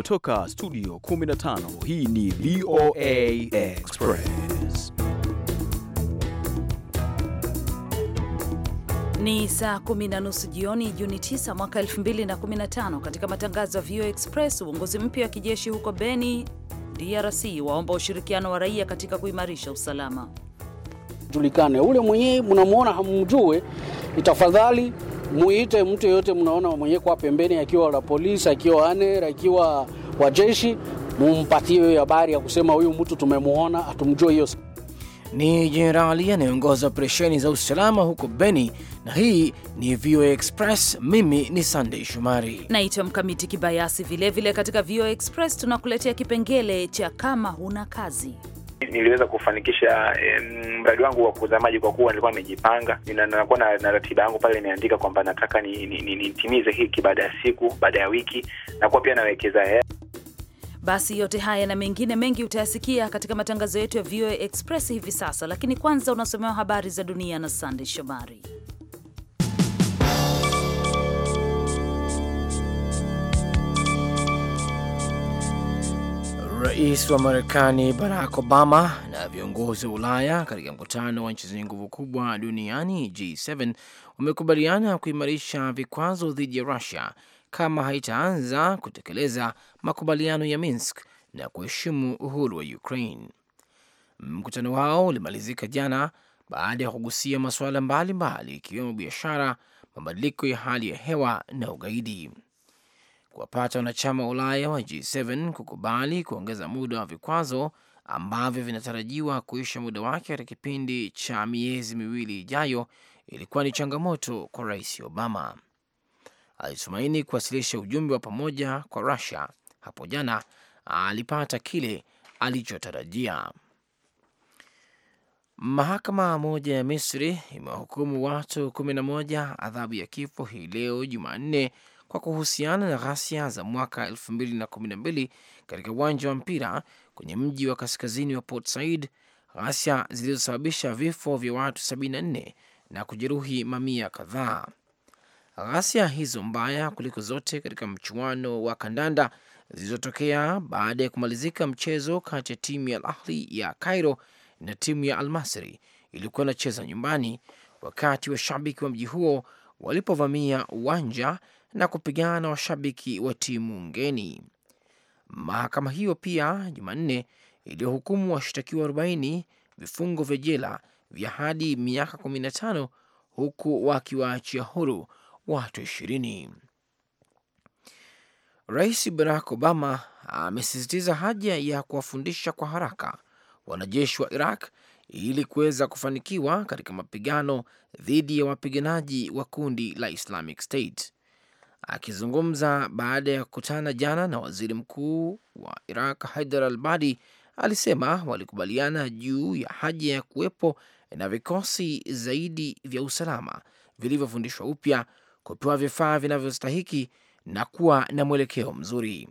kutoka studio 15 hii ni VOA Express ni saa kumi na nusu jioni Juni 9 mwaka 2015 katika matangazo ya VOA Express uongozi mpya wa kijeshi huko Beni DRC waomba ushirikiano wa raia katika kuimarisha usalama julikane ule mwenyewe mnamwona hamjue itafadhali muite mtu yeyote mnaona mwenye kwa pembeni, akiwa la polisi, akiwa aner, akiwa wajeshi, mumpatie hiyo habari ya kusema huyu mtu tumemuona, atumjue hiyo ni jenerali anayeongoza operesheni za usalama huko Beni. Na hii ni VOA Express. Mimi ni Sandey Shumari, naitwa Mkamiti Kibayasi. Vilevile katika VOA Express tunakuletea kipengele cha kama huna kazi Niliweza kufanikisha mradi wangu wa kuuza maji kwa kuwa nilikuwa nimejipanga, nakuwa na ratiba yangu pale, imeandika kwamba nataka nitimize hiki baada ya siku, baada ya wiki, nakuwa pia nawekeza hela. Basi yote haya na mengine mengi utayasikia katika matangazo yetu ya VOA Express hivi sasa, lakini kwanza unasomewa habari za dunia na sandey Shomari. Rais wa Marekani Barack Obama na viongozi wa Ulaya katika mkutano wa nchi zenye nguvu kubwa duniani G7 wamekubaliana kuimarisha vikwazo dhidi ya Rusia kama haitaanza kutekeleza makubaliano ya Minsk na kuheshimu uhuru wa Ukraine. Mkutano wao ulimalizika jana baada ya kugusia masuala mbalimbali ikiwemo biashara, mabadiliko ya hali ya hewa na ugaidi kuwapata wanachama wa Ulaya wa G7 kukubali kuongeza muda wa vikwazo ambavyo vinatarajiwa kuisha muda wake katika kipindi cha miezi miwili ijayo ilikuwa ni changamoto kwa Rais Obama. Alitumaini kuwasilisha ujumbe wa pamoja kwa Rusia hapo jana, alipata kile alichotarajia. Mahakama moja ya Misri imewahukumu watu kumi na moja adhabu ya kifo hii leo Jumanne kwa kuhusiana na ghasia za mwaka 2012 katika uwanja wa mpira kwenye mji wa kaskazini wa Port Said, ghasia zilizosababisha vifo vya watu 74 na kujeruhi mamia kadhaa. Ghasia hizo mbaya kuliko zote katika mchuano wa kandanda zilizotokea baada ya kumalizika mchezo kati ya timu ya Al-Ahli ya Cairo na timu ya almasri iliyokuwa ilikuwa inacheza nyumbani, wakati washabiki wa mji huo walipovamia uwanja na kupigana na washabiki wa timu ngeni. Mahakama hiyo pia Jumanne iliyohukumu washtakiwa 40 vifungo vya jela vya hadi miaka 15 huku wakiwaachia huru watu ishirini. Rais Barack Obama amesisitiza haja ya kuwafundisha kwa haraka wanajeshi wa Iraq ili kuweza kufanikiwa katika mapigano dhidi ya wapiganaji wa kundi la Islamic State. Akizungumza baada ya kukutana jana na waziri mkuu wa Iraq Haidar al Badi, alisema walikubaliana juu ya haja ya kuwepo na vikosi zaidi vya usalama vilivyofundishwa upya, kupewa vifaa vinavyostahiki na kuwa na mwelekeo mzuri.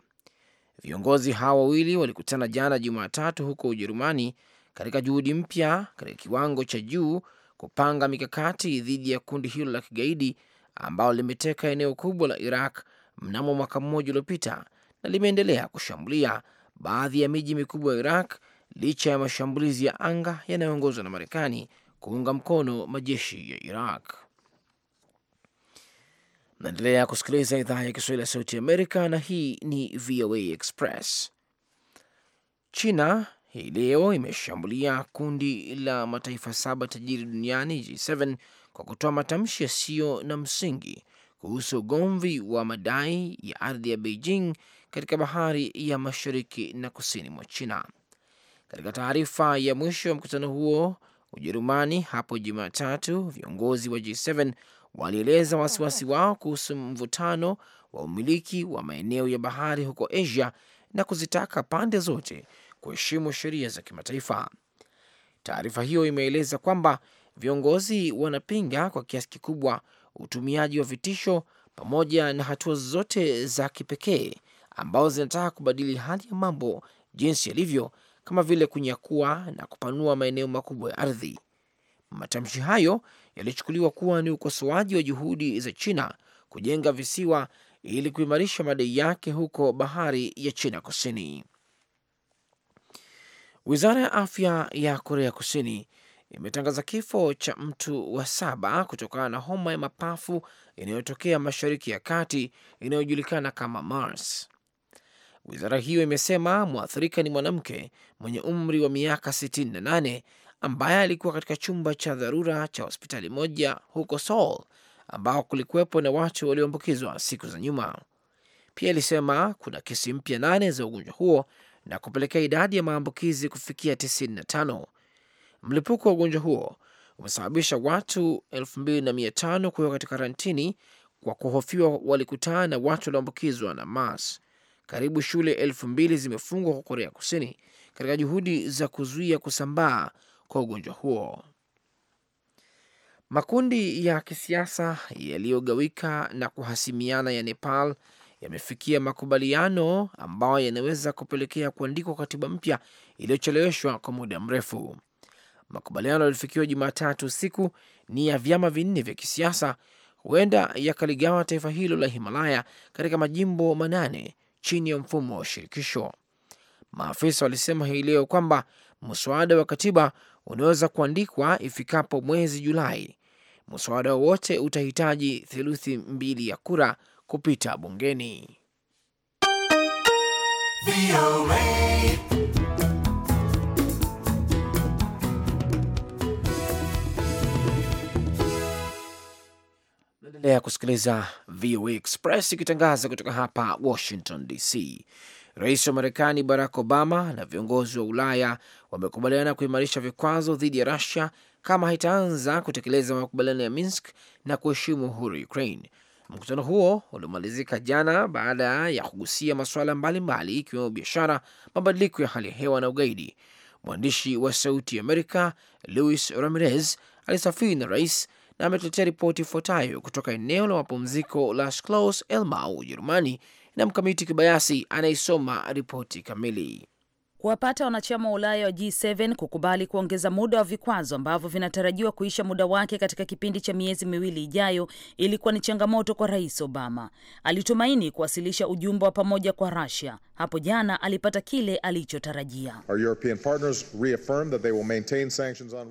Viongozi hawa wawili walikutana jana Jumatatu huko Ujerumani katika juhudi mpya katika kiwango cha juu kupanga mikakati dhidi ya kundi hilo la kigaidi ambalo limeteka eneo kubwa la Iraq mnamo mwaka mmoja uliopita na limeendelea kushambulia baadhi ya miji mikubwa ya Iraq licha ya mashambulizi ya anga yanayoongozwa na Marekani kuunga mkono majeshi ya Iraq. Naendelea kusikiliza idhaa ya Kiswahili ya Sauti Amerika, na hii ni VOA Express. China hii leo imeshambulia kundi la mataifa saba tajiri duniani G7 kwa kutoa matamshi yasiyo na msingi kuhusu ugomvi wa madai ya ardhi ya Beijing katika bahari ya mashariki na kusini mwa China. Katika taarifa ya mwisho wa mkutano huo Ujerumani hapo Jumatatu, viongozi wa G7 walieleza wasiwasi wao kuhusu mvutano wa umiliki wa maeneo ya bahari huko Asia na kuzitaka pande zote kuheshimu sheria za kimataifa. Taarifa hiyo imeeleza kwamba Viongozi wanapinga kwa kiasi kikubwa utumiaji wa vitisho pamoja na hatua zote za kipekee ambazo zinataka kubadili hali ya mambo jinsi yalivyo, kama vile kunyakua na kupanua maeneo makubwa ya ardhi. Matamshi hayo yalichukuliwa kuwa ni ukosoaji wa juhudi za China kujenga visiwa ili kuimarisha madai yake huko bahari ya China Kusini. Wizara ya afya ya Korea Kusini imetangaza kifo cha mtu wa saba kutokana na homa ya mapafu inayotokea Mashariki ya Kati inayojulikana kama MARS. Wizara hiyo imesema mwathirika ni mwanamke mwenye umri wa miaka 68 ambaye alikuwa katika chumba cha dharura cha hospitali moja huko Seoul ambao kulikuwepo na watu walioambukizwa siku za nyuma. Pia ilisema kuna kesi mpya nane za ugonjwa huo na kupelekea idadi ya maambukizi kufikia 95 Mlipuko wa ugonjwa huo umesababisha watu 2500 kuwekwa katika karantini kwa kuhofiwa walikutana na watu walioambukizwa na mas. Karibu shule elfu zimefungwa kwa Korea Kusini katika juhudi za kuzuia kusambaa kwa ugonjwa huo. Makundi ya kisiasa yaliyogawika na kuhasimiana ya Nepal yamefikia makubaliano ambayo yanaweza kupelekea kuandikwa katiba mpya iliyocheleweshwa kwa muda mrefu. Makubaliano yaliyofikiwa Jumatatu usiku ni ya vyama vinne vya kisiasa, huenda yakaligawa taifa hilo la Himalaya katika majimbo manane chini ya mfumo wa shirikisho. Maafisa walisema hii leo kwamba mswada wa katiba unaweza kuandikwa ifikapo mwezi Julai. Mswada wowote utahitaji theluthi mbili ya kura kupita bungeni. kusikiliza VOA Express ikitangaza kutoka hapa Washington DC. Rais wa Marekani Barack Obama na viongozi wa Ulaya wamekubaliana kuimarisha vikwazo dhidi ya Rusia kama haitaanza kutekeleza makubaliano ya Minsk na kuheshimu uhuru Ukraine. Mkutano huo ulimalizika jana baada ya kugusia masuala mbalimbali ikiwemo biashara, mabadiliko ya hali ya hewa na ugaidi. Mwandishi wa Sauti ya Amerika Luis Ramirez alisafiri na rais na ametuletea ripoti ifuatayo kutoka eneo la mapumziko la Schloss Elmau, Ujerumani, na Mkamiti Kibayasi anaisoma ripoti kamili kuwapata wanachama wa Ulaya wa G7 kukubali kuongeza muda wa vikwazo ambavyo vinatarajiwa kuisha muda wake katika kipindi cha miezi miwili ijayo ilikuwa ni changamoto kwa Rais Obama. Alitumaini kuwasilisha ujumbe wa pamoja kwa Russia. Hapo jana alipata kile alichotarajia.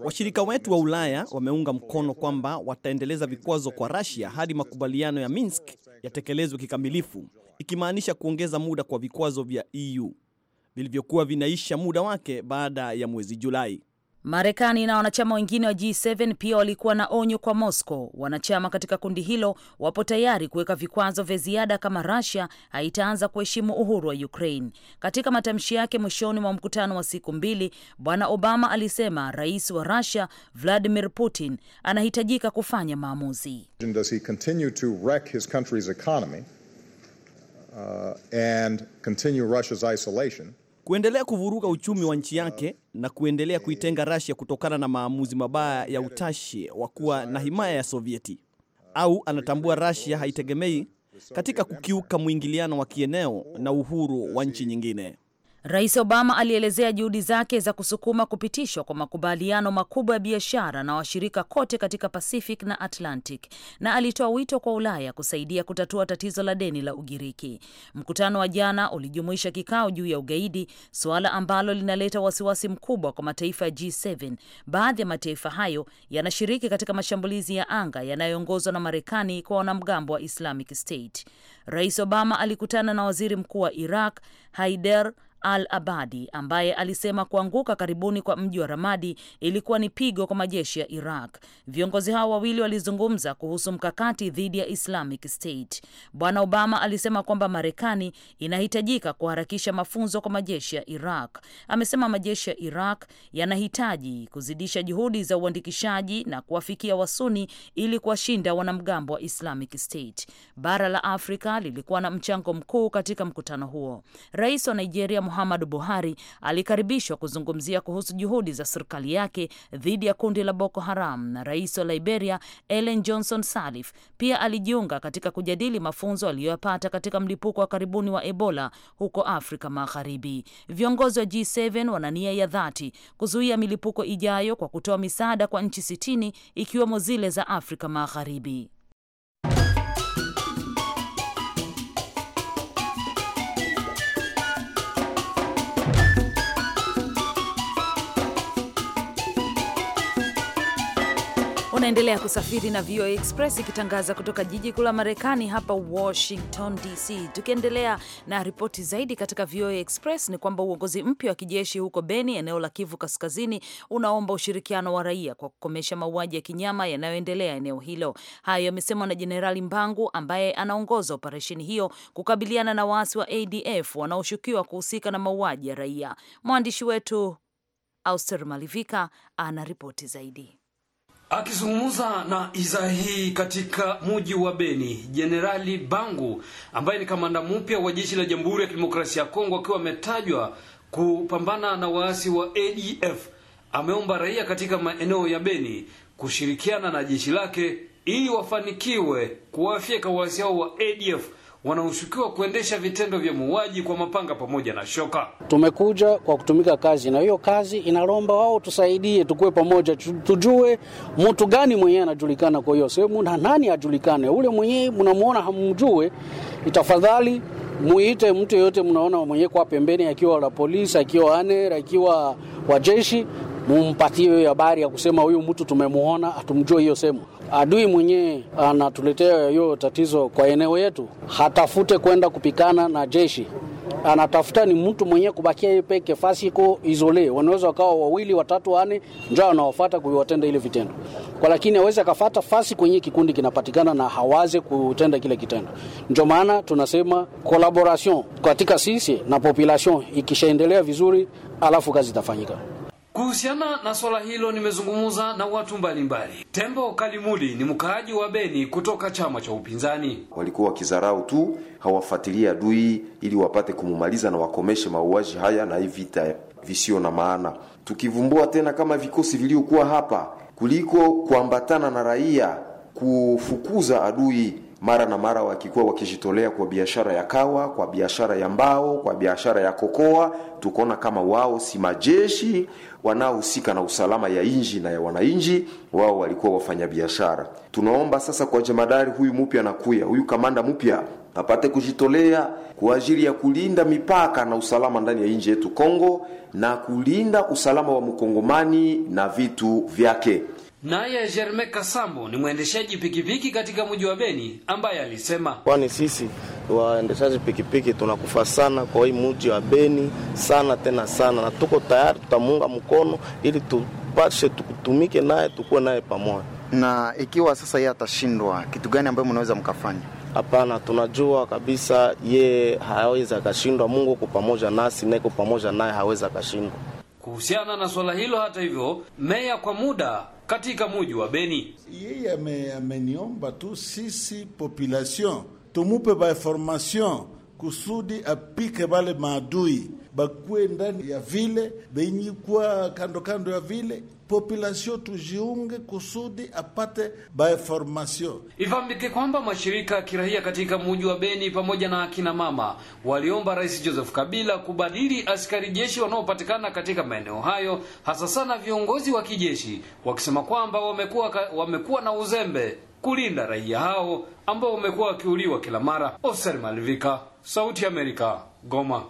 Washirika wetu wa Ulaya wameunga mkono kwamba wataendeleza vikwazo kwa Russia hadi makubaliano ya Minsk yatekelezwe kikamilifu, ikimaanisha kuongeza muda kwa vikwazo vya EU vilivyokuwa vinaisha muda wake baada ya mwezi Julai. Marekani na wanachama wengine wa G7 pia walikuwa na onyo kwa Moscow. Wanachama katika kundi hilo wapo tayari kuweka vikwazo vya ziada kama Russia haitaanza kuheshimu uhuru wa Ukraine. Katika matamshi yake mwishoni mwa mkutano wa siku mbili, Bwana Obama alisema rais wa Russia Vladimir Putin anahitajika kufanya maamuzi. Uh, and continue Russia's isolation kuendelea kuvuruga uchumi wa nchi yake na kuendelea kuitenga Russia kutokana na maamuzi mabaya ya utashi wa kuwa na himaya ya Sovieti, au anatambua Russia haitegemei katika kukiuka mwingiliano wa kieneo na uhuru wa nchi nyingine. Rais Obama alielezea juhudi zake za kusukuma kupitishwa kwa makubaliano makubwa ya biashara na washirika kote katika Pacific na Atlantic na alitoa wito kwa Ulaya kusaidia kutatua tatizo la deni la Ugiriki. Mkutano wa jana ulijumuisha kikao juu ya ugaidi, suala ambalo linaleta wasiwasi mkubwa kwa mataifa ya G7. Baadhi ya mataifa hayo yanashiriki katika mashambulizi ya anga yanayoongozwa na Marekani kwa wanamgambo wa Islamic State. Rais Obama alikutana na waziri mkuu wa Iraq Haider Al Abadi ambaye alisema kuanguka karibuni kwa mji wa Ramadi ilikuwa ni pigo kwa majeshi ya Iraq. Viongozi hao wawili walizungumza kuhusu mkakati dhidi ya Islamic State. Bwana Obama alisema kwamba Marekani inahitajika kuharakisha mafunzo kwa majeshi ya Iraq. Amesema majeshi ya Iraq yanahitaji kuzidisha juhudi za uandikishaji na kuwafikia Wasuni ili kuwashinda wanamgambo wa Islamic State. Bara la Afrika lilikuwa na mchango mkuu katika mkutano huo. Rais wa Nigeria Muhammadu Buhari alikaribishwa kuzungumzia kuhusu juhudi za serikali yake dhidi ya kundi la Boko Haram na rais wa Liberia Ellen Johnson Sirleaf pia alijiunga katika kujadili mafunzo aliyoyapata katika mlipuko wa karibuni wa Ebola huko Afrika Magharibi. Viongozi wa G7 wana nia ya dhati kuzuia milipuko ijayo kwa kutoa misaada kwa nchi sitini ikiwemo zile za Afrika Magharibi. Unaendelea kusafiri na VOA Express ikitangaza kutoka jiji kuu la Marekani hapa Washington DC. Tukiendelea na ripoti zaidi katika VOA Express ni kwamba uongozi mpya wa kijeshi huko Beni, eneo la Kivu Kaskazini, unaomba ushirikiano wa raia kwa kukomesha mauaji ya kinyama yanayoendelea eneo hilo. Hayo yamesemwa na Jenerali Mbangu ambaye anaongoza operesheni hiyo kukabiliana na waasi wa ADF wanaoshukiwa kuhusika na mauaji ya raia. Mwandishi wetu Auster Malivika ana ripoti zaidi. Akizungumza na idhaa hii katika muji wa Beni, Jenerali Bangu ambaye ni kamanda mpya wa jeshi la Jamhuri ya Kidemokrasia ya Kongo akiwa ametajwa kupambana na waasi wa ADF ameomba raia katika maeneo ya Beni kushirikiana na jeshi lake ili wafanikiwe kuwafyeka waasi hao wa ADF wanaoshukiwa kuendesha vitendo vya muuaji kwa mapanga pamoja na shoka. Tumekuja kwa kutumika kazi, na hiyo kazi inalomba wao tusaidie, tukuwe pamoja, tujue mtu gani mwenyewe anajulikana kwa hiyo sehemu na nani ajulikane. Ule mwenyewe mnamuona hamjue, itafadhali muite mtu yeyote mnaona mwenyewe kwa pembeni, akiwa la polisi, akiwa aner, akiwa wajeshi, mumpatie hiyo habari ya kusema huyu mtu tumemuona, atumjue hiyo sehemu adui mwenyewe anatuletea hiyo tatizo kwa eneo yetu, hatafute kwenda kupikana na jeshi anatafuta ni mtu mwenyewe kubakia yeye peke fasiko izole, wanaweza wakawa wawili watatu wane, ndio anawafuata kuwatenda ile vitendo kwa, lakini aweze akafuata fasi kwenye kikundi kinapatikana na hawaze kutenda kile kitendo. Ndio maana tunasema collaboration katika sisi na population ikishaendelea vizuri, alafu kazi itafanyika. Kuhusiana na swala hilo nimezungumza na watu mbalimbali mbali. Tembo Kalimuli ni mkaaji wa Beni kutoka chama cha upinzani. Walikuwa wakizarau tu, hawafuatilia adui ili wapate kumumaliza na wakomeshe mauaji haya na hii vita visio na maana, tukivumbua tena kama vikosi viliokuwa hapa kuliko kuambatana na raia kufukuza adui mara na mara wakikuwa wakijitolea kwa biashara ya kawa, kwa biashara ya mbao, kwa biashara ya kokoa. Tukaona kama wao si majeshi wanaohusika na usalama ya inji na ya wananchi, wao walikuwa wafanyabiashara. Tunaomba sasa kwa jemadari huyu mpya nakuya, huyu kamanda mpya apate kujitolea kwa ajili ya kulinda mipaka na usalama ndani ya nji yetu Kongo na kulinda usalama wa mkongomani na vitu vyake. Naye Jerme Kasambo ni mwendeshaji pikipiki katika mji wa Beni ambaye alisema, kwani sisi waendeshaji pikipiki tunakufa sana kwa hii mji wa Beni sana tena sana, na tuko tayari, tutamuunga mkono ili tupashe tukutumike naye tukuwe naye pamoja. Na ikiwa sasa yeye atashindwa, kitu gani ambayo mnaweza mkafanya? Hapana, tunajua kabisa ye hawezi akashindwa. Mungu uko pamoja nasi, naiko pamoja naye, hawezi akashindwa. Kuhusiana na swala hilo, hata hivyo, meya kwa muda katika muji wa Beni yeye ameniomba tu sisi population tumupe ba information kusudi apike bale maadui bakuwe ndani ya vile benyi kuwa kando kando ya vile population tujiunge kusudi apate bainformasio. Ifahamike kwamba mashirika ya kiraia katika muji wa Beni pamoja na akina mama waliomba Rais Joseph Kabila kubadili askari jeshi wanaopatikana katika maeneo hayo, hasa sana viongozi wa kijeshi, wakisema kwamba wamekuwa wamekuwa na uzembe kulinda raia hao ambao wamekuwa wakiuliwa kila mara. Ofser Malivika, Sauti ya Amerika, Goma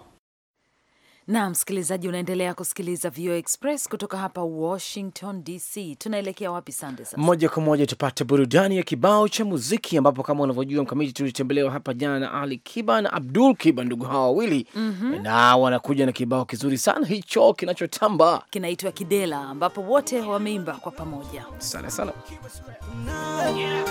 na msikilizaji, unaendelea kusikiliza VOA Express kutoka hapa Washington DC. Tunaelekea wapi Sande? Sasa moja kwa moja tupate burudani ya kibao cha muziki, ambapo kama unavyojua Mkamiti, tulitembelewa hapa jana na Ali Kiba na Abdul Kiba, ndugu hawa wawili mm -hmm. na wanakuja na kibao kizuri sana hicho kinachotamba kinaitwa Kidela, ambapo wote wameimba kwa pamoja sana sana yeah.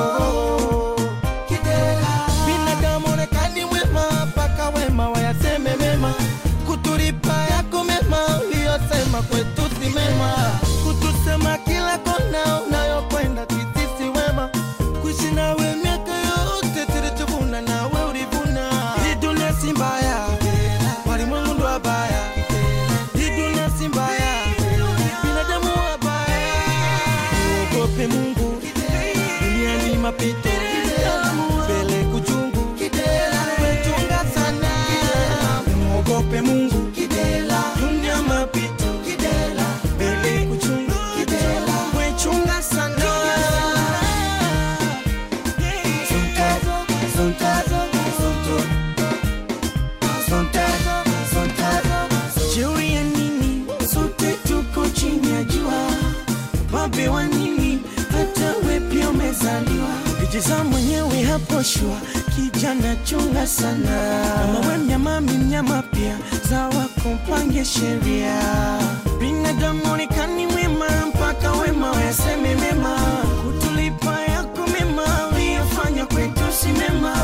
oh, oh. kuchezeshwa, kijana chunga sana. Kama we mnyama, mi pia, zawa kompange sheria. Binadamu onekani wema, mpaka wema wayaseme mema, kutulipa yako mema, uliyofanya kwetu si mema.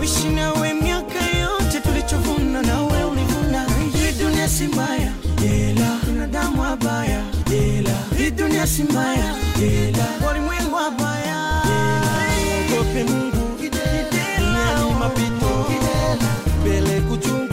Uishi nawe miaka yote, tulichovuna nawe ulivuna. Hii dunia si mbaya, ila binadamu abaya ila hii dunia si mbaya, ila walimwengu wabaya, ogope Mungu. mapito. Pele kuchum.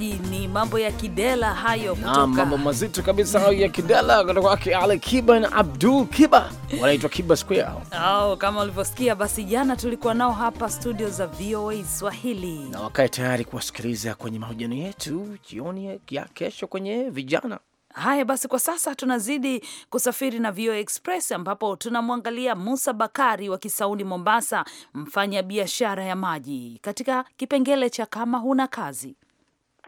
msikilizaji, ni mambo ya kidela hayo kutoka na, mambo mazito kabisa hayo ya kidela kutoka kwake Ali Kiba na Abdul Kiba, wanaitwa Kiba Square hao. Kama ulivyosikia, basi jana tulikuwa nao hapa studio za VOA Swahili, na wakae tayari kuwasikiliza kwenye mahojiano yetu jioni ya kesho kwenye vijana Haya basi, kwa sasa tunazidi kusafiri na VOA Express ambapo tunamwangalia Musa Bakari wa Kisauni, Mombasa, mfanya biashara ya maji katika kipengele cha kama huna kazi.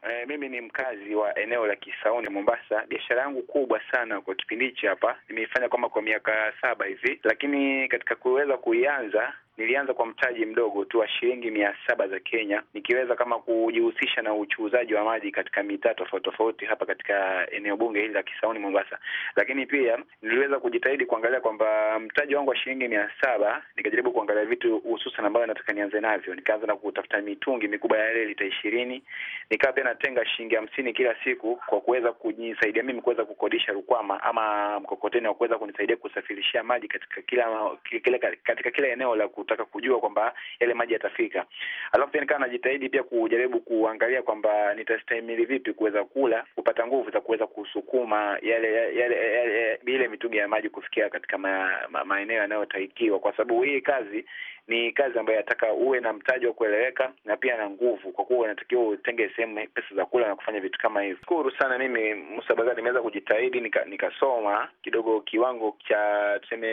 Eh, mimi ni mkazi wa eneo la Kisauni Mombasa. Biashara yangu kubwa sana kwa kipindi hichi hapa nimeifanya kama kwa miaka saba hivi, lakini katika kuweza kuianza nilianza kwa mtaji mdogo tu wa shilingi mia saba za Kenya, nikiweza kama kujihusisha na uchuuzaji wa maji katika mitaa tofauti tofauti hapa katika eneo bunge hili la Kisauni, Mombasa. Lakini pia niliweza kujitahidi kuangalia kwamba mtaji wangu wa shilingi mia saba nikajaribu kuangalia vitu hususan ambayo nataka nianze navyo. Nikaanza na kutafuta mitungi mikubwa ya yale lita ishirini, nikawa pia natenga shilingi hamsini kila siku kwa kuweza kujisaidia mimi kuweza kukodisha rukwama ama mkokoteni wa kuweza kunisaidia kusafirishia maji katika kila, kila, katika kila eneo la ku kutaka kujua kwamba yale maji yatafika. Alafu pia nikawa najitahidi pia kujaribu kuangalia kwamba nitastahimili vipi kuweza kula, kupata nguvu za kuweza kusukuma yale yale, yale, ile mitungi ya maji kufikia katika maeneo ma, yanayotaikiwa, kwa sababu hii kazi ni kazi ambayo yataka uwe na mtaji wa kueleweka na pia na nguvu, kwa kuwa unatakiwa utenge sehemu pesa za kula na kufanya vitu kama hivyo. Shukuru sana, mimi Musa nimeweza kujitahidi nika, nikasoma kidogo kiwango cha tuseme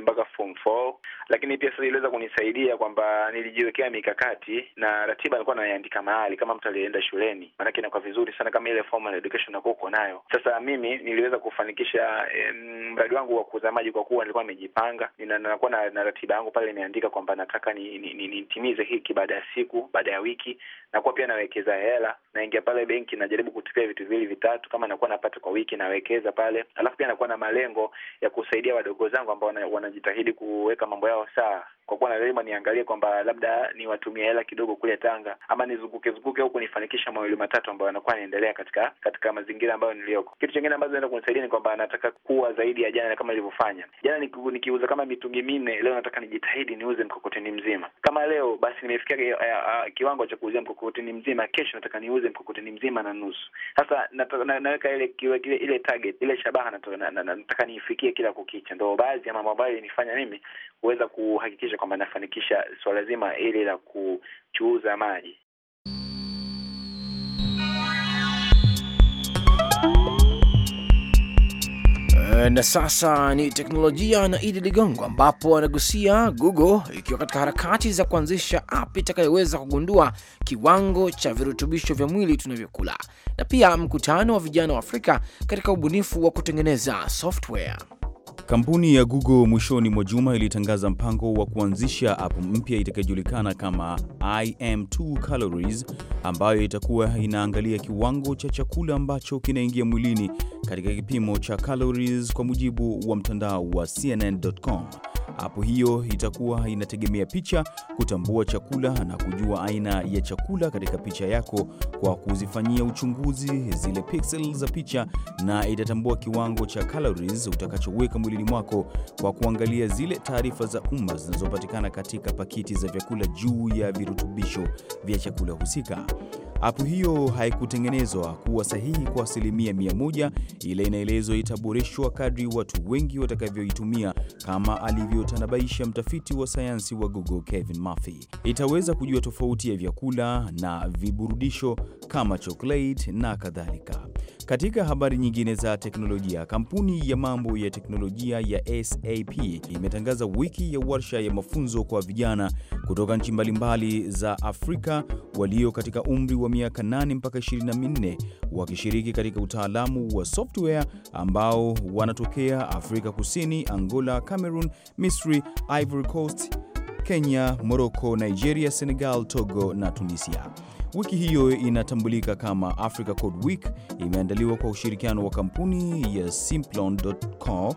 mpaka form four, lakini pia sasa iliweza kunisaidia kwamba nilijiwekea mikakati na ratiba nilikuwa naiandika mahali kama mtu aliyeenda shuleni, maanake inakuwa vizuri sana kama ile formal education nakuwa uko nayo. Sasa mimi niliweza kufanikisha eh, mradi wangu wa kuuza maji kwa kuwa nilikuwa nimejipanga, nakuwa na, na ratiba yangu pale imeandika kwamba nataka nitimize ni, ni, hiki baada ya siku, baada ya wiki, nakuwa pia nawekeza hela, naingia pale benki, najaribu kutupia vitu viwili vitatu, kama nakuwa napata kwa wiki nawekeza pale, alafu pia nakuwa na malengo ya kusaidia wadogo zangu ambao wanajitahidi kuweka mambo yao sawa kwa kuwa lazima niangalie kwamba labda niwatumie hela kidogo kule Tanga ama nizunguke zunguke huku nifanikisha mawili matatu ambayo yanakuwa yanaendelea katika katika mazingira ambayo niliyoko. Kitu kingine ambacho naenda kunisaidia ni kwamba nataka kuwa zaidi ya jana kama nilivyofanya jana. Nikiuza kama mitungi minne, leo nataka nijitahidi niuze mkokoteni mzima. Kama leo basi nimefikia eh, eh, eh, kiwango cha kuuzia mkokoteni mzima, kesho nataka niuze mkokoteni mzima na nusu. Sasa naweka ile ile target ile shabaha nataka niifikie kila kukicha. Ndo baadhi ya mambo ambayo nifanya mimi kuweza kuhakikisha kwamba nafanikisha swala zima ili la kuchuuza maji. Eh, na sasa ni teknolojia na Idi Ligongo, ambapo anagusia Google ikiwa katika harakati za kuanzisha app itakayoweza kugundua kiwango cha virutubisho vya mwili tunavyokula, na pia mkutano wa vijana wa Afrika katika ubunifu wa kutengeneza software. Kampuni ya Google mwishoni mwa juma ilitangaza mpango wa kuanzisha app mpya itakayojulikana kama im 2 calories ambayo itakuwa inaangalia kiwango cha chakula ambacho kinaingia mwilini katika kipimo cha calories, kwa mujibu wa mtandao wa CNN.com. Hapo hiyo itakuwa inategemea picha, kutambua chakula na kujua aina ya chakula katika picha yako kwa kuzifanyia uchunguzi zile pixel za picha, na itatambua kiwango cha calories utakachoweka mwilini mwako kwa kuangalia zile taarifa za umma zinazopatikana katika pakiti za vyakula juu ya virutubisho vya chakula husika. Apu hiyo haikutengenezwa kuwa sahihi kwa asilimia mia moja, ila inaelezwa itaboreshwa kadri watu wengi watakavyoitumia kama alivyo aliyotanabaisha mtafiti wa sayansi wa Google Kevin Murphy. Itaweza kujua tofauti ya vyakula na viburudisho kama chocolate na kadhalika. Katika habari nyingine za teknolojia, kampuni ya mambo ya teknolojia ya SAP imetangaza wiki ya warsha ya mafunzo kwa vijana kutoka nchi mbalimbali za Afrika walio katika umri wa miaka 8 mpaka 24 wakishiriki katika utaalamu wa software ambao wanatokea Afrika Kusini, Angola, Cameroon, Misri, Ivory Coast Kenya, Morocco, Nigeria, Senegal, Togo na Tunisia. Wiki hiyo inatambulika kama Africa Code Week. Imeandaliwa kwa ushirikiano wa kampuni ya Simplon.com,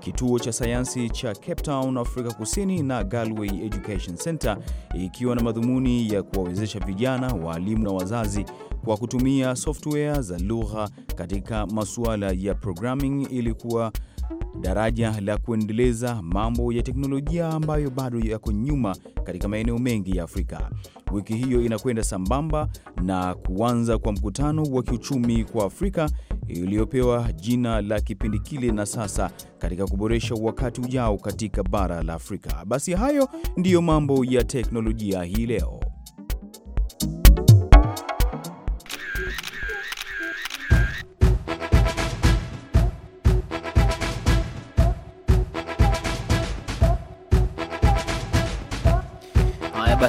kituo cha sayansi cha Cape Town, Afrika Kusini na Galway Education Center, ikiwa na madhumuni ya kuwawezesha vijana, waalimu na wazazi kwa kutumia software za lugha katika masuala ya programming ili kuwa daraja la kuendeleza mambo ya teknolojia ambayo bado yako nyuma katika maeneo mengi ya Afrika. Wiki hiyo inakwenda sambamba na kuanza kwa mkutano wa kiuchumi kwa Afrika iliyopewa jina la kipindi kile na sasa katika kuboresha wakati ujao katika bara la Afrika. Basi hayo ndiyo mambo ya teknolojia hii leo.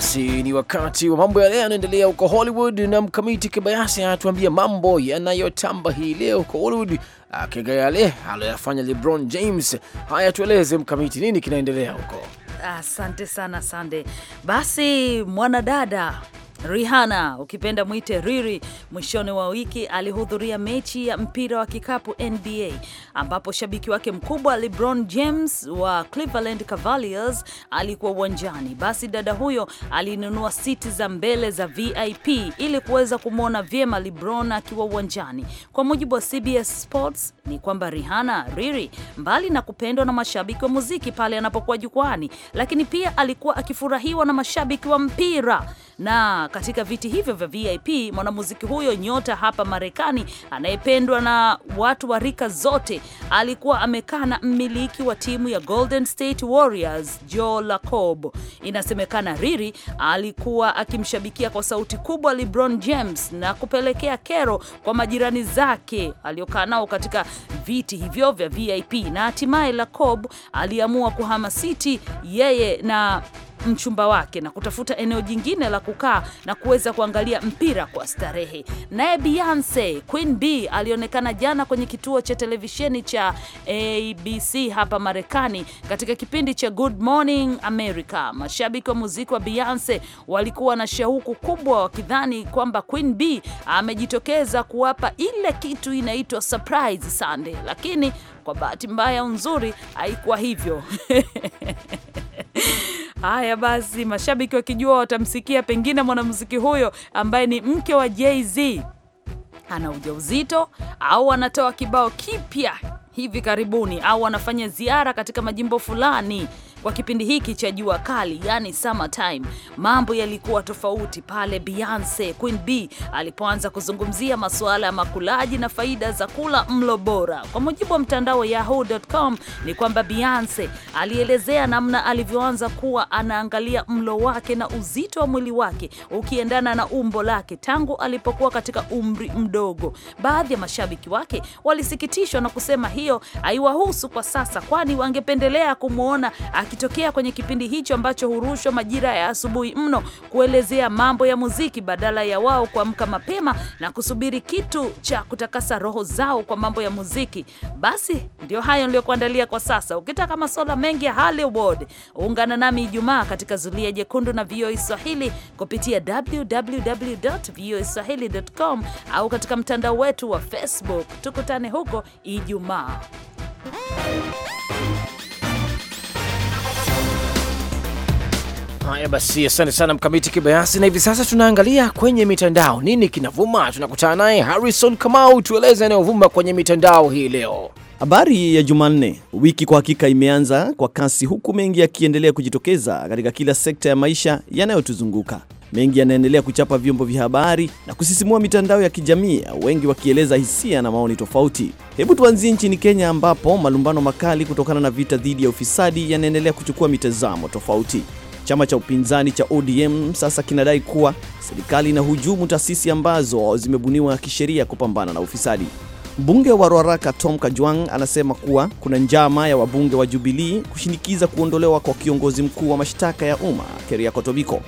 basi ni wakati wa mambo ya leo yanaendelea huko Hollywood, na mkamiti Kibayasi anatuambia mambo yanayotamba hii leo huko Hollywood, akiga yale aliyoyafanya LeBron James. Haya, tueleze mkamiti, nini kinaendelea huko? Asante sana sande. Basi mwanadada Rihanna ukipenda mwite Riri mwishoni wa wiki alihudhuria mechi ya mpira wa kikapu NBA ambapo shabiki wake mkubwa LeBron James wa Cleveland Cavaliers alikuwa uwanjani. Basi dada huyo alinunua siti za mbele za VIP ili kuweza kumwona vyema LeBron akiwa uwanjani. Kwa mujibu wa CBS Sports ni kwamba Rihanna Riri, mbali na kupendwa na mashabiki wa muziki pale anapokuwa jukwani, lakini pia alikuwa akifurahiwa na mashabiki wa mpira na katika viti hivyo vya VIP mwanamuziki huyo nyota hapa Marekani anayependwa na watu wa rika zote alikuwa amekaa na mmiliki wa timu ya Golden State Warriors Joe Lacob. Inasemekana Riri alikuwa akimshabikia kwa sauti kubwa LeBron James na kupelekea kero kwa majirani zake aliokaa nao katika viti hivyo vya VIP, na hatimaye Lacob aliamua kuhama siti yeye na mchumba wake na kutafuta eneo jingine la kukaa na kuweza kuangalia mpira kwa starehe. Naye Beyonce Queen B alionekana jana kwenye kituo cha televisheni cha ABC hapa Marekani katika kipindi cha Good Morning America. Mashabiki wa muziki wa Beyonce walikuwa na shauku kubwa, wakidhani kwamba Queen B amejitokeza kuwapa ile kitu inaitwa surprise Sunday, lakini kwa bahati mbaya nzuri haikuwa hivyo Haya basi, mashabiki wakijua watamsikia pengine mwanamuziki huyo ambaye ni mke wa Jay-Z ana ujauzito au anatoa kibao kipya hivi karibuni au anafanya ziara katika majimbo fulani kwa kipindi hiki cha jua kali, yani time, mambo yalikuwa tofauti pale Beyonce Queen B alipoanza kuzungumzia masuala ya makulaji na faida za kula mlo bora. Kwa mujibu wa mtandao wa yahoo.com ni kwamba Beyonce alielezea namna alivyoanza kuwa anaangalia mlo wake na uzito wa mwili wake ukiendana na umbo lake tangu alipokuwa katika umri mdogo. Baadhi ya mashabiki wake walisikitishwa na kusema hiyo haiwahusu kwa sasa, kwani wangependelea kumwona akitokea kwenye kipindi hicho ambacho hurushwa majira ya asubuhi mno kuelezea mambo ya muziki badala ya wao kuamka mapema na kusubiri kitu cha kutakasa roho zao kwa mambo ya muziki. Basi ndio hayo niliyokuandalia kwa sasa. Ukitaka masuala mengi ya Hollywood, ungana nami Ijumaa katika Zulia Jekundu na VOA Swahili kupitia www.voaswahili.com au katika mtandao wetu wa Facebook. Tukutane huko Ijumaa. Haya basi, asante sana Mkamiti Kibayasi. Na hivi sasa tunaangalia kwenye mitandao, nini kinavuma. Tunakutana naye Harrison Kamau, tueleze anayovuma kwenye mitandao hii leo. Habari ya Jumanne, wiki kwa hakika imeanza kwa kasi, huku mengi yakiendelea kujitokeza katika kila sekta ya maisha yanayotuzunguka. Mengi yanaendelea kuchapa vyombo vya habari na kusisimua mitandao ya kijamii, wengi wakieleza hisia na maoni tofauti. Hebu tuanzie nchini Kenya, ambapo malumbano makali kutokana na vita dhidi ya ufisadi yanaendelea kuchukua mitazamo tofauti. Chama cha upinzani cha ODM sasa kinadai kuwa serikali inahujumu taasisi ambazo zimebuniwa kisheria kupambana na ufisadi. Mbunge wa Ruaraka Tom Kajwang anasema kuwa kuna njama ya wabunge wa Jubilee kushinikiza kuondolewa kwa kiongozi mkuu wa mashtaka ya umma Keriako Tobiko.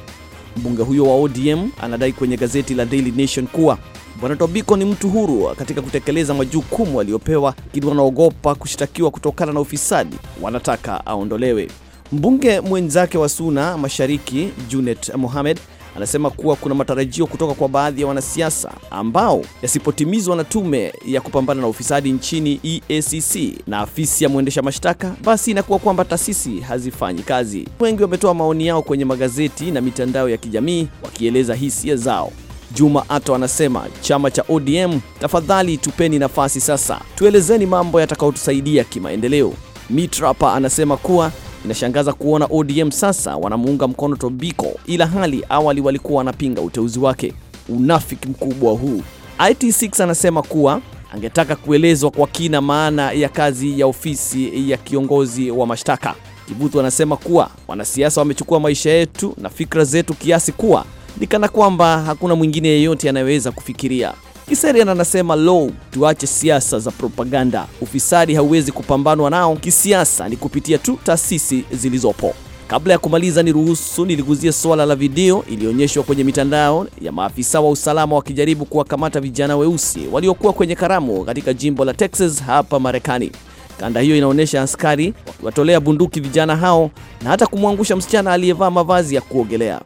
Mbunge huyo wa ODM anadai kwenye gazeti la Daily Nation kuwa Bwana Tobiko ni mtu huru katika kutekeleza majukumu aliyopewa, lakini wanaogopa kushtakiwa kutokana na ufisadi, wanataka aondolewe. Mbunge mwenzake wa Suna Mashariki Junet Mohamed anasema kuwa kuna matarajio kutoka kwa baadhi ya wanasiasa ambao yasipotimizwa na tume ya kupambana na ufisadi nchini EACC na afisi ya mwendesha mashtaka, basi inakuwa kwamba taasisi hazifanyi kazi. Wengi wametoa maoni yao kwenye magazeti na mitandao ya kijamii wakieleza hisia zao. Juma Ato anasema chama cha ODM, tafadhali tupeni nafasi sasa, tuelezeni mambo yatakayotusaidia kimaendeleo. Mitrapa anasema kuwa Inashangaza kuona ODM sasa wanamuunga mkono Tobiko, ila hali awali walikuwa wanapinga uteuzi wake. Unafiki mkubwa huu. IT6 anasema kuwa angetaka kuelezwa kwa kina maana ya kazi ya ofisi ya kiongozi wa mashtaka. Kibutu anasema kuwa wanasiasa wamechukua maisha yetu na fikra zetu kiasi kuwa ni kana kwamba hakuna mwingine yeyote anayeweza kufikiria. Kiserian anasema low, tuache siasa za propaganda. Ufisadi hauwezi kupambanwa nao kisiasa, ni kupitia tu taasisi zilizopo. Kabla ya kumaliza, ni ruhusu niliguzia suala la video iliyoonyeshwa kwenye mitandao ya maafisa wa usalama wakijaribu kuwakamata vijana weusi waliokuwa kwenye karamu katika jimbo la Texas hapa Marekani. Kanda hiyo inaonyesha askari wakiwatolea bunduki vijana hao na hata kumwangusha msichana aliyevaa mavazi ya kuogelea.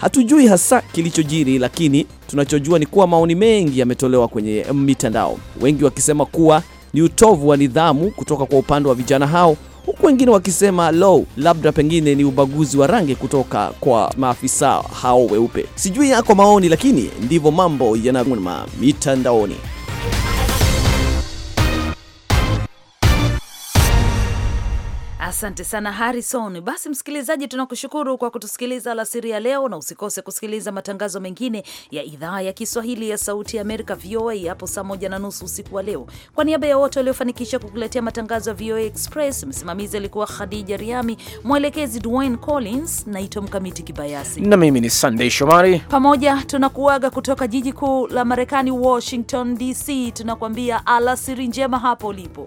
Hatujui hasa kilichojiri, lakini tunachojua ni kuwa maoni mengi yametolewa kwenye mitandao, wengi wakisema kuwa ni utovu wa nidhamu kutoka kwa upande wa vijana hao, huku wengine wakisema lo labda pengine ni ubaguzi wa rangi kutoka kwa maafisa hao weupe. Sijui yako maoni, lakini ndivyo mambo yanavuma mitandaoni. Asante sana Harrison. Basi msikilizaji, tunakushukuru kwa kutusikiliza alasiri ya leo, na usikose kusikiliza matangazo mengine ya idhaa ya Kiswahili ya Sauti ya Amerika, VOA, hapo saa moja na nusu usiku wa leo. Kwa niaba ya wote waliofanikisha kukuletea matangazo ya VOA Express, msimamizi alikuwa Khadija Riami, mwelekezi Dwayne Collins, naitwa Mkamiti Kibayasi na mimi ni Sandey Shomari. Pamoja tunakuaga kutoka jiji kuu la Marekani, Washington DC. Tunakuambia alasiri njema hapo ulipo.